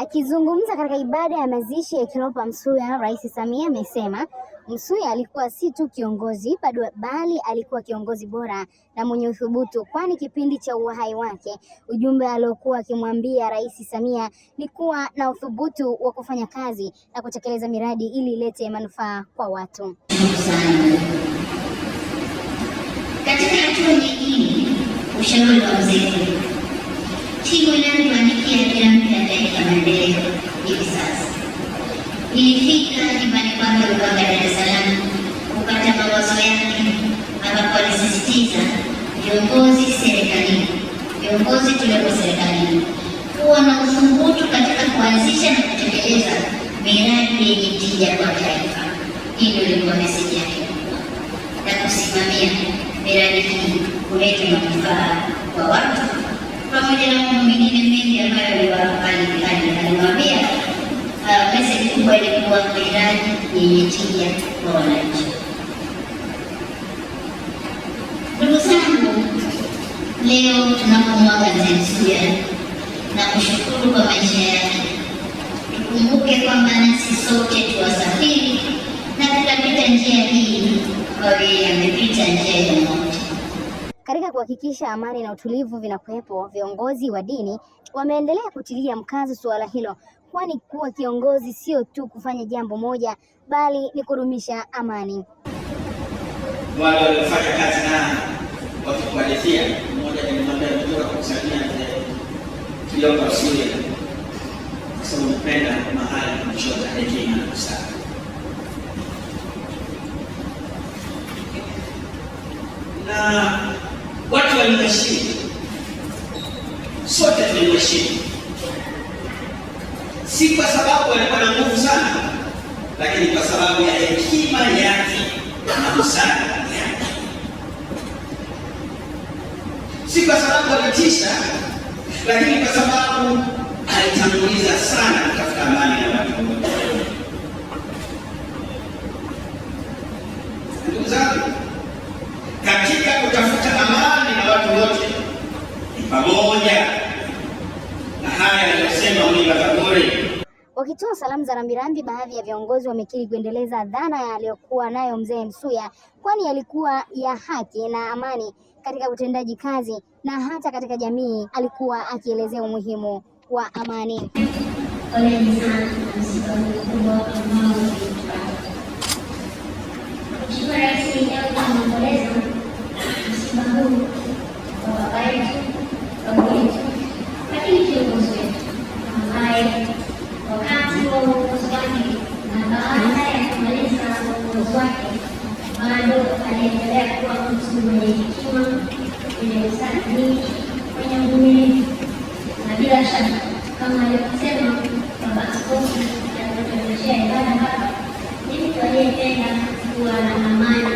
Akizungumza katika ibada ya mazishi ya Kiropa Msuya, Rais Samia amesema Msuya alikuwa si tu kiongozi bali alikuwa kiongozi bora na mwenye uthubutu, kwani kipindi cha uhai wake ujumbe aliokuwa akimwambia Rais Samia ni kuwa na uthubutu wa kufanya kazi na kutekeleza miradi ili ilete manufaa kwa watu. Katika hatua nyingine, ushauri wa mzee Timu inayomtumikia kila mtu anayetaka maendeleo hivi sasa. Nilifika nyumbani kwake Rubaga, Dar es Salaam, kupata mawazo yake, ambapo alisisitiza viongozi serikalini, viongozi tuliopo serikalini kuwa na uthubutu katika kuanzisha na kutekeleza miradi yenye tija kwa taifa. Hii ndio ilikuwa meseji yake kubwa, na kusimamia miradi hii kuleta manufaa kwa watu pamoja na mambo mengine mengi ambayo aliwaambia. Uh, Meseji kubwa ilikuwa miradi yenye tija kwa wananchi. Ndugu zangu, leo tunapomwaga Mzee Msuya na kushukuru kwa maisha yake, tukumbuke kwamba nasi sote Katika kuhakikisha amani na utulivu vinakuwepo, viongozi wa dini wameendelea kutilia mkazo suala hilo, kwani kuwa kiongozi sio tu kufanya jambo moja, bali ni kudumisha amani. Wale waliofanya kazi na mmoja nilimwambia mpenda mahali hekima na busara na watu wenye sote tuna si kwa sababu alikuwa na nguvu sana, lakini kwa sababu ya hekima yake na busara yake, si kwa sababu alitisha, lakini kwa sababu alitanguliza sana kutafuta amani. Wakitoa salamu za rambirambi, baadhi ya viongozi wamekiri kuendeleza dhana aliyokuwa nayo mzee Msuya, kwani alikuwa ya haki na amani katika utendaji kazi na hata katika jamii. Alikuwa akielezea umuhimu wa amani. bado anaendelea kuwa mtu mwenye hekima, mwenye usanii, mwenye uvumilivu na bila shaka kama alivyosema Baba Askofu anaotuendeshea ibada hapa, mimi waliyependa kuwa na amani